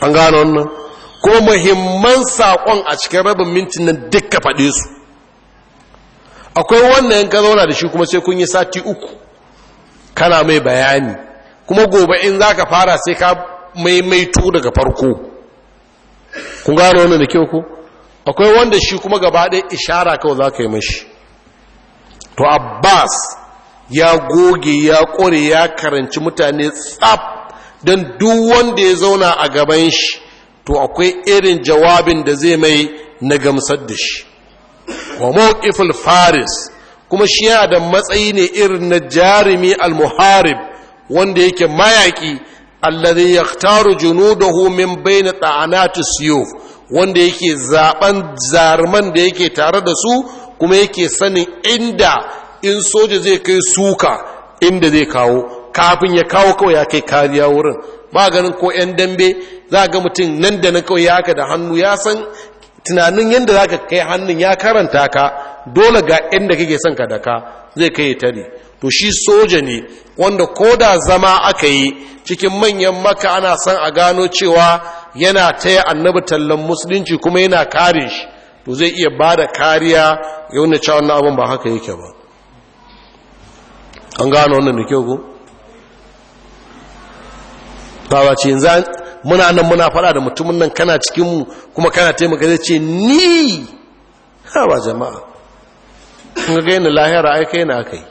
an gano wannan ko muhimman saƙon a cikin rabin minti nan duka faɗe su akwai wannan in ka zauna da shi kuma sai kun yi sati uku kana mai bayani kuma gobe in za ka fara sai ka maimaito daga farko kun gano wannan da kyau ko akwai wanda shi kuma gaba ɗaya ishara kawai za ka yi mashi to abbas ya goge ya ƙware ya karanci mutane tsab don duk wanda ya zauna a gaban shi to akwai irin jawabin da zai mai na gamsar da shi wa mawqiful faris kuma shi yana da matsayi ne irin na jarumi almuharib wanda yake mayaki da yaktaru junudahu min bayna ta'anati siyo. wanda yake zaben zarman da yake tare da su kuma yake sanin inda in soja zai kai suka inda zai kawo kafin ya kawo kawai ya kai kariya wurin ba ganin ko 'yan dambe za ga mutum nan da na kawai ya ka da hannu ya san tunanin yadda za ka kai hannun ya karanta ka dole ga inda kake son ka da ka zai kai tare to shi soja ne wanda ko da zama aka yi cikin manyan maka ana son a gano cewa yana taya annabi tallan musulunci kuma yana kare shi to zai iya ba da kariya ya wani cewa wannan abin ba haka yake ba an gano wannan da kyau ku? ba ba ce yanzu muna nan muna fada da mutumin nan kana cikinmu kuma kana taimaka zai ce ni ha ba jama'a in ga gani lahira ai kai na aka yi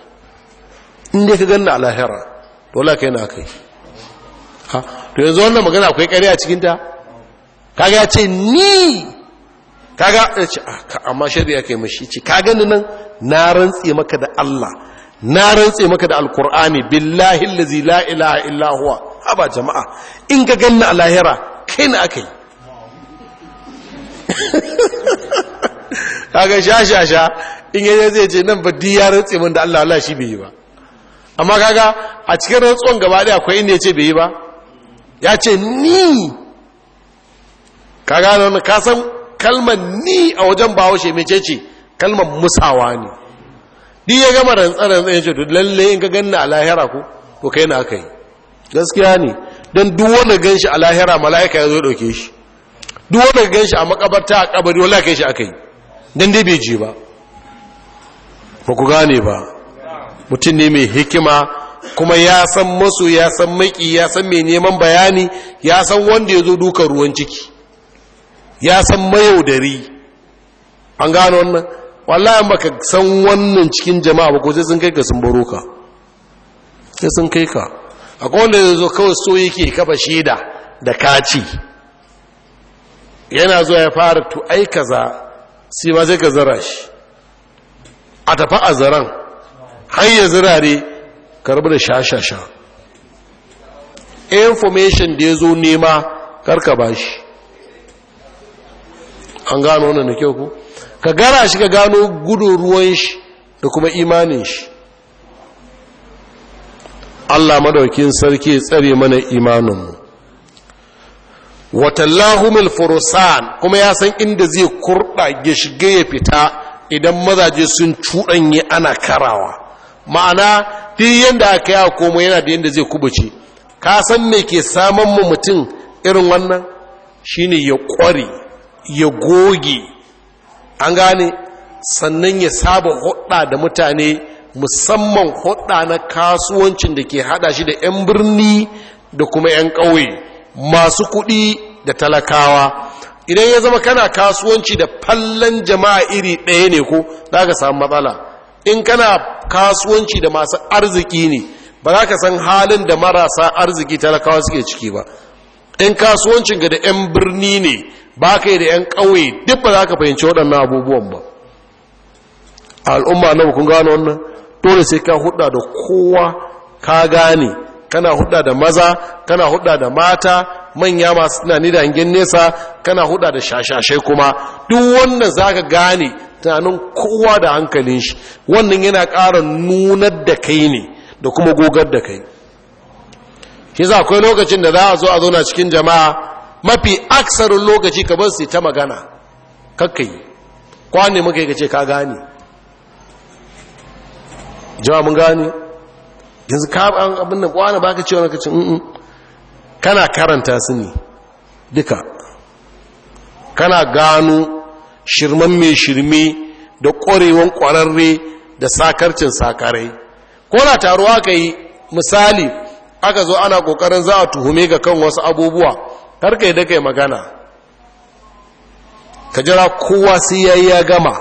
in ka gani a lahira dole kai na aka yi ha to yanzu wannan magana akwai kariya cikinta kaga ya ce ni kaga ya ce ah, amma shari'a kai mashi ce kaga ni nan na rantse maka da Allah na rantse maka da alkur'ani billahi allazi la ilaha illa huwa haba jama'a in ka ganna a lahira kai na akai kaga sha sha sha in yaje zai ce nan ba di ya rantse min da Allah Allah shi bai yi ba amma kaga a cikin rantsuwan gaba daya akwai inda ya ce bai yi ba ya ce ni ka gane na kasan kalmar ni a wajen shi mece ce kalmar musawa ne di ya gama rantsar-rantsar ya ce lalle in ka ganna alahira ku ko to kai na aka yi gaskiya ne don duk wanda gan shi alahira mala'ika ya zo ɗauke shi duk wanda gan shi a makabarta a kabari wala kai shi aka yi don dai bai ba ba ku gane ba mutum ne mai hikima kuma ya san masu ya san maki ya san mai neman bayani ya san wanda ya zo dukan ruwan ciki ya san mayaudari an gano wannan wallahi baka san wannan cikin jama'a ba ko sai sun kai ka sun baro ka sai sun kai ka akwai wanda ya zo kawai so yake kafa shaida da kaci yana zuwa ya fara to ai kaza sai ba zai ka zara shi a tafi a zaran har ya zirare karbi da shashasha information da ya zo nema karka ba shi an gano wannan da kyau ku ka gara shi ka gano gudun ruwan shi da kuma imanin shi Allah madaukin sarki tsare mana imanin imaninmu watallahumul furusan kuma ya san inda zai kurɗa ya shiga ya fita idan mazaje sun cuɗanye ana karawa ma'ana duk yanda aka yi komo yana da yadda zai kubuce ka san me ke saman mu mutum irin wannan shine ya ƙware ya goge an gane sannan ya saba hudda da mutane musamman hudda na kasuwancin da ke hada shi da 'yan birni da kuma 'yan ƙauye masu kuɗi da talakawa idan ya zama kana kasuwanci da fallon jama'a iri ɗaya ne ko za ka samu matsala in kana kasuwanci da masu arziki ne ba za ka san halin da marasa arziki talakawa suke ciki ba in ga da 'yan birni ne ba ka yi da 'yan ƙauye duk ba za ka fahimci waɗannan abubuwan ba al'umma na kun gano wannan dole sai ka hudda da kowa ka gane kana hudda da maza kana hudda da mata manya masu tunani da hangen nesa kana hudda da shashashai kuma duk wannan za ka gane tunanin kowa da hankalin shi wannan yana ƙara nunar da kai ne da kuma gogar da kai shi akwai lokacin da za a zo a zo cikin jama'a mafi aksarin lokaci ka bar su ta magana kakai kwane muka yi ka ka gane jawa mun gane yanzu ka an abin da kwane ba ka ce wani kacin kana karanta su ne duka kana gano shirman mai shirme da ƙwarewan ƙwararre da sakarcin sakarai ko na taruwa ka yi misali aka zo ana ƙoƙarin za a tuhume ga kan wasu abubuwa karkai da kai magana ka jira kowa sai yayi ya gama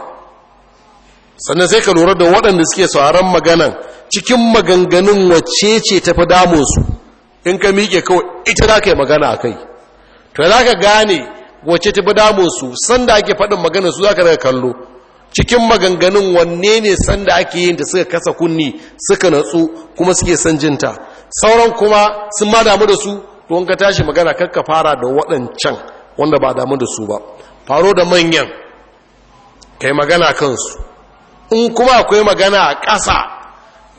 sannan sai ka lura da waɗanda suke sauran maganan cikin maganganun wacce ce tafi damunsu in ka miƙe kawai ita za ka yi magana a kai to za ka gane wacce tafi damunsu sanda ake faɗin maganar su za ka daga kallo cikin maganganun wanne ne sanda ake yin da suka kasa kunni suka natsu kuma suke son jinta sauran kuma sun ma damu da su don ka tashi magana kakka fara da waɗancan wanda ba damu da su ba faro da manyan kai magana kansu in kuma akwai magana a ƙasa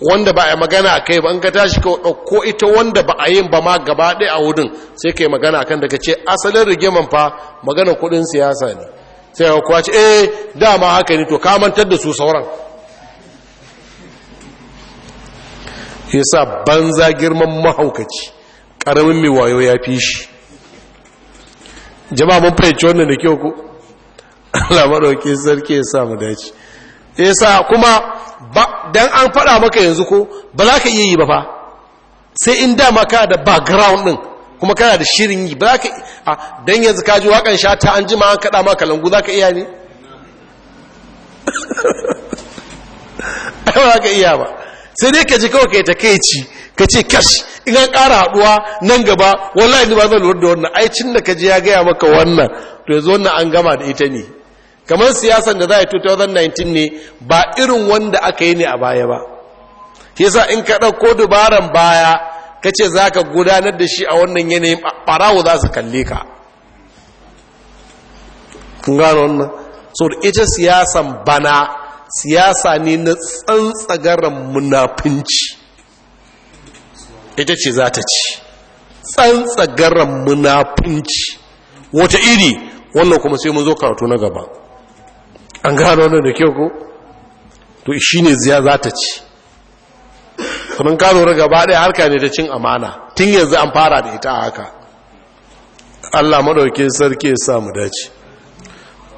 wanda ba a magana a kai ba in ka tashi ka ɗauko ita wanda ba a yin ba ma gaba ɗaya a wurin sai kai magana kan da ce asalin rigiman fa magana kuɗin siyasa ne sai ka kwace eh dama haka ne to ka mantar da su sauran yasa banza girman mahaukaci ƙaramin mai wayo ya fi shi jama'a mun fahimci wannan da kyau ku. Allah madauki sarki ya sa mu dace sa kuma ba an faɗa maka yanzu ko ba za ka iya yi ba fa sai in dama ka da background din kuma kana da shirin yi ba ka don yanzu ka ji wakan shata an ma an kada maka langu za ka iya ne ai ba ka iya ba sai dai ka ji kawai yi ta kai ci ka ce kashi. in an ƙara haɗuwa nan gaba wallahi ni ba zan lura da wannan ai cin da kaji ya gaya maka wannan to yanzu wannan an gama da ita ne kamar siyasan da za a yi 2019 ne ba irin wanda aka yi ne a baya ba yasa in ka ɗauko dubaran baya ka ce za ka gudanar da shi a wannan yanayin ɓarawo za su kalle ka kun gano wannan so ita siyasan bana siyasa ne na tsantsagaran munafinci ita ce za ta ci tsantsagaran munafinci wata iri wannan kuma sai mun zo karatu na gaba an gano wannan da kyau ko to shi ne ziya za ta ci sannan gano na gaba ɗaya harka ne ta cin amana tun yanzu an fara da ita haka allah maɗauki sarki ya sa dace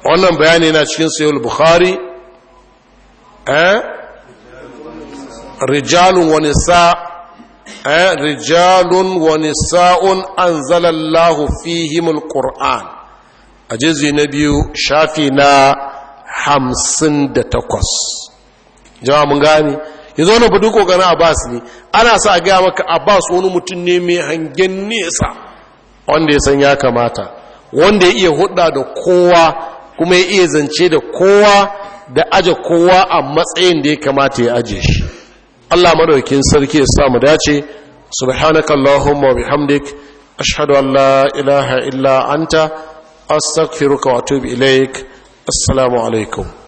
wannan bayani na cikin sayul buhari eh rijalun wani sa Eh, rijalun wa nisa'un anzalallahu fihimul qur'an a jizi na biyu shafi na hamsin da takwas jama'a mun gane yanzu wani budu kokarin abbas ne ana sa gaya maka abbas wani mutum ne mai hangen nesa wanda ya san ya kamata wanda ya iya huɗa da kowa kuma ya iya zance da kowa da aje kowa a matsayin da ya kamata ya aje shi Allah madaukin sarki ya sa mu dace subhanakallahumma wa bihamdik ashhadu an la ilaha illa anta astaghfiruka wa atubu ilaik assalamu alaikum